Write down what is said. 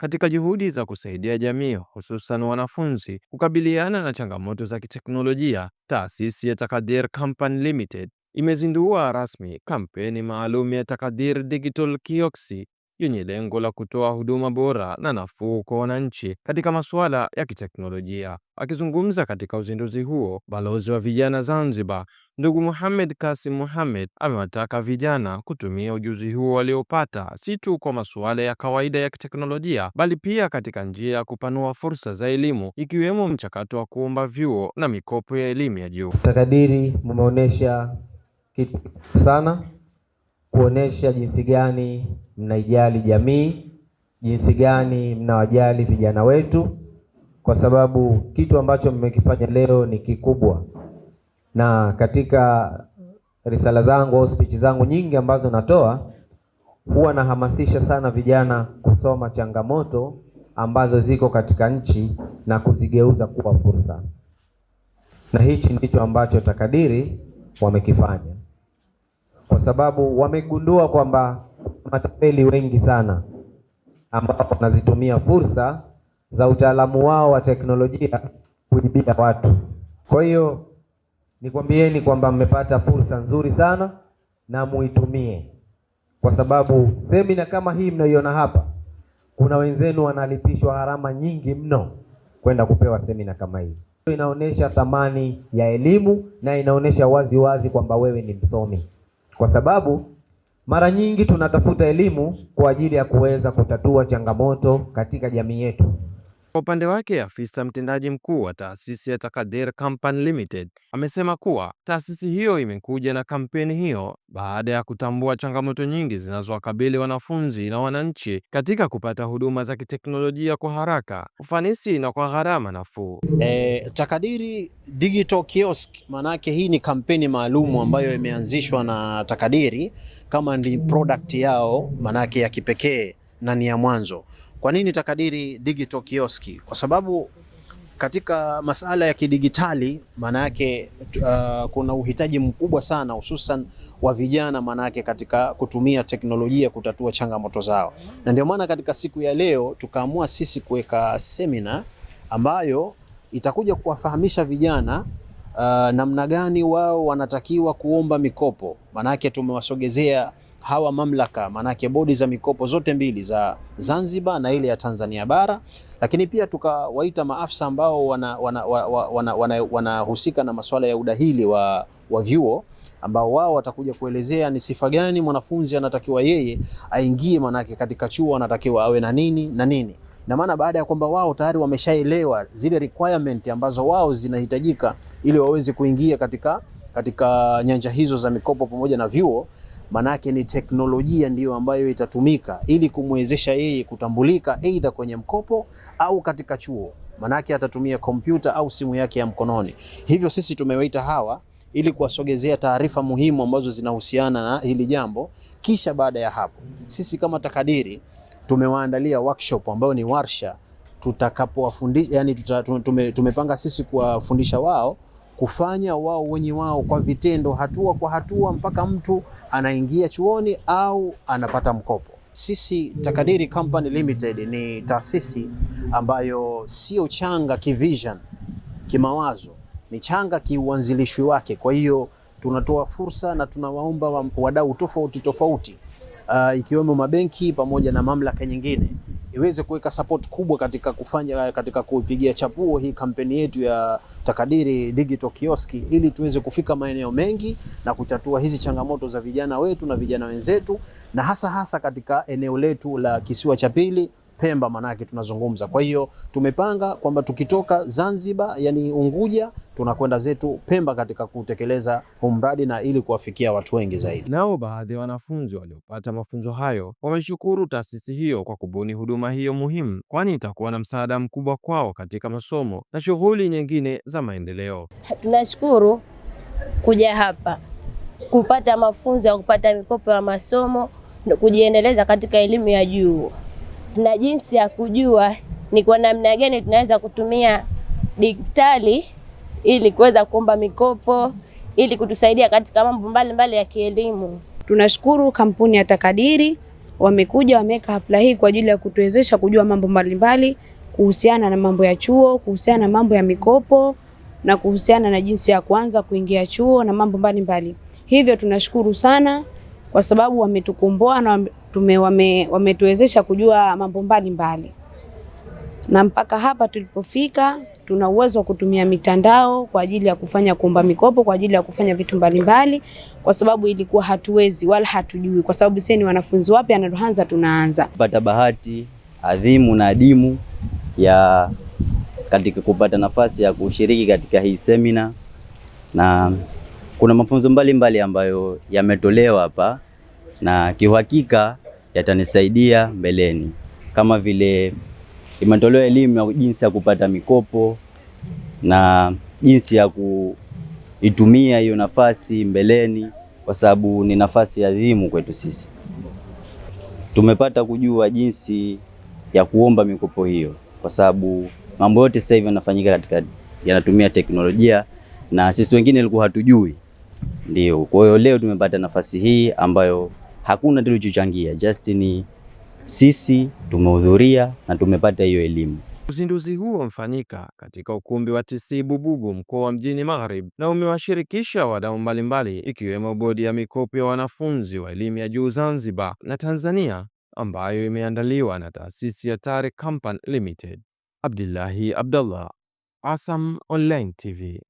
katika juhudi za kusaidia jamii hususan wanafunzi kukabiliana na changamoto za kiteknolojia, taasisi ya Takadir Company Limited imezindua rasmi kampeni maalum ya Takadir Digital Kiosk yenye lengo la kutoa huduma bora na nafuu kwa wananchi katika masuala ya kiteknolojia. Akizungumza katika uzinduzi huo, balozi wa vijana Zanzibar, ndugu Muhammad Kasim Muhammad, amewataka vijana kutumia ujuzi huo waliopata si tu kwa masuala ya kawaida ya kiteknolojia, bali pia katika njia ya kupanua fursa za elimu, ikiwemo mchakato wa kuomba vyuo na mikopo ya elimu ya juu. Takadiri mumeonyesha kitu sana kuonesha jinsi gani mnaijali jamii, jinsi gani mnawajali vijana wetu, kwa sababu kitu ambacho mmekifanya leo ni kikubwa. Na katika risala zangu au spichi zangu nyingi ambazo natoa huwa nahamasisha sana vijana kusoma changamoto ambazo ziko katika nchi na kuzigeuza kuwa fursa, na hichi ndicho ambacho TAKADIRI wamekifanya sababu wamegundua kwamba matapeli wengi sana ambao wanazitumia fursa za utaalamu wao wa teknolojia kuibia watu. Kwa hiyo nikwambieni kwamba mmepata fursa nzuri sana na muitumie, kwa sababu semina kama hii mnaiona hapa, kuna wenzenu wanalipishwa gharama nyingi mno kwenda kupewa semina kama hii. Inaonyesha thamani ya elimu na inaonyesha wazi wazi kwamba wewe ni msomi kwa sababu mara nyingi tunatafuta elimu kwa ajili ya kuweza kutatua changamoto katika jamii yetu. Kwa upande wake, afisa mtendaji mkuu wa taasisi ya Takadir Company Limited amesema kuwa taasisi hiyo imekuja na kampeni hiyo baada ya kutambua changamoto nyingi zinazowakabili wanafunzi na wananchi katika kupata huduma za kiteknolojia kwa haraka, ufanisi na kwa gharama nafuu. E, Takadiri Digital Kiosk, maanake hii ni kampeni maalumu ambayo imeanzishwa na Takadiri kama ndi product yao maanake ya kipekee na ni ya mwanzo. Kwa nini takadiri digital kioski? Kwa sababu katika masala ya kidigitali maana yake uh, kuna uhitaji mkubwa sana hususan wa vijana, maana yake katika kutumia teknolojia kutatua changamoto zao, na ndio maana katika siku ya leo tukaamua sisi kuweka semina ambayo itakuja kuwafahamisha vijana uh, namna gani wao wanatakiwa kuomba mikopo, maana yake tumewasogezea hawa mamlaka, maanake bodi za mikopo zote mbili za Zanzibar na ile ya Tanzania bara, lakini pia tukawaita maafisa ambao wanahusika wana, wana, wana, wana, wana na masuala ya udahili wa, wa vyuo ambao wao watakuja kuelezea ni sifa gani mwanafunzi anatakiwa yeye aingie, manake katika chuo anatakiwa awe na nini na nini na maana baada ya kwamba wao tayari wameshaelewa zile requirement ambazo wao zinahitajika ili waweze kuingia katika, katika nyanja hizo za mikopo pamoja na vyuo, Manake ni teknolojia ndiyo ambayo itatumika ili kumwezesha yeye kutambulika aidha kwenye mkopo au katika chuo, manake atatumia kompyuta au simu yake ya mkononi. Hivyo sisi tumewaita hawa ili kuwasogezea taarifa muhimu ambazo zinahusiana na hili jambo. Kisha baada ya hapo, sisi kama Takadiri tumewaandalia workshop ambayo ni warsha tutakapowafundisha, yani tume, tumepanga sisi kuwafundisha wao kufanya wao wenye wao kwa vitendo, hatua kwa hatua, mpaka mtu anaingia chuoni au anapata mkopo. Sisi Takadiri Company Limited ni taasisi ambayo sio changa kivision, kimawazo, ni changa kiuanzilishi wake. Kwa hiyo tunatoa fursa na tunawaomba wadau tofauti tofauti, uh, ikiwemo mabenki pamoja na mamlaka nyingine iweze kuweka support kubwa katika kufanya katika kuipigia chapuo hii kampeni yetu ya Takadiri Digital Kioski ili tuweze kufika maeneo mengi na kutatua hizi changamoto za vijana wetu na vijana wenzetu na hasa hasa katika eneo letu la kisiwa cha pili Pemba manake tunazungumza. Kwa hiyo tumepanga kwamba tukitoka Zanzibar, yani Unguja, tunakwenda zetu Pemba katika kutekeleza huu mradi na ili kuwafikia watu wengi zaidi. Nao baadhi ya wanafunzi waliopata mafunzo hayo wameshukuru taasisi hiyo kwa kubuni huduma hiyo muhimu, kwani itakuwa na msaada mkubwa kwao katika masomo na shughuli nyingine za maendeleo. Tunashukuru kuja hapa kupata mafunzo ya kupata mikopo ya masomo kujiendeleza katika elimu ya juu na jinsi ya kujua ni kwa namna gani tunaweza kutumia digitali ili kuweza kuomba mikopo ili kutusaidia katika mambo mbalimbali ya kielimu. Tunashukuru kampuni ya Takadiri wamekuja wameweka hafla hii kwa ajili ya kutuwezesha kujua mambo mbalimbali kuhusiana na mambo ya chuo, kuhusiana na mambo ya mikopo na kuhusiana na jinsi ya kuanza kuingia chuo na mambo mbalimbali. Hivyo tunashukuru sana kwa sababu wametukomboa na tume wame, wametuwezesha kujua mambo mbalimbali na mpaka hapa tulipofika, tuna uwezo wa kutumia mitandao kwa ajili ya kufanya kuomba mikopo kwa ajili ya kufanya vitu mbalimbali, kwa sababu ilikuwa hatuwezi wala hatujui, kwa sababu sisi ni wanafunzi wapya na tunaanza tunaanza kupata bahati adhimu na adimu ya katika kupata nafasi ya kushiriki katika hii semina, na kuna mafunzo mbalimbali ambayo yametolewa hapa na kiuhakika yatanisaidia mbeleni, kama vile imetolewa elimu ya jinsi ya kupata mikopo na jinsi ya kuitumia hiyo nafasi mbeleni, kwa sababu ni nafasi adhimu kwetu sisi. Tumepata kujua jinsi ya kuomba mikopo hiyo, kwa sababu mambo yote sasa hivi yanafanyika katika yanatumia teknolojia na sisi wengine ilikuwa hatujui. Ndio, kwa hiyo leo tumepata nafasi hii ambayo hakuna tulichochangia, just ni sisi tumehudhuria na tumepata hiyo elimu. Uzinduzi huo umefanyika katika ukumbi wa TC Bububu mkoa wa Mjini Magharibi na umewashirikisha wadau mbalimbali ikiwemo bodi ya mikopo ya wanafunzi wa elimu ya juu Zanzibar na Tanzania ambayo imeandaliwa na taasisi ya tare Company Limited. abdullahi Abdullah, ASAM Online TV.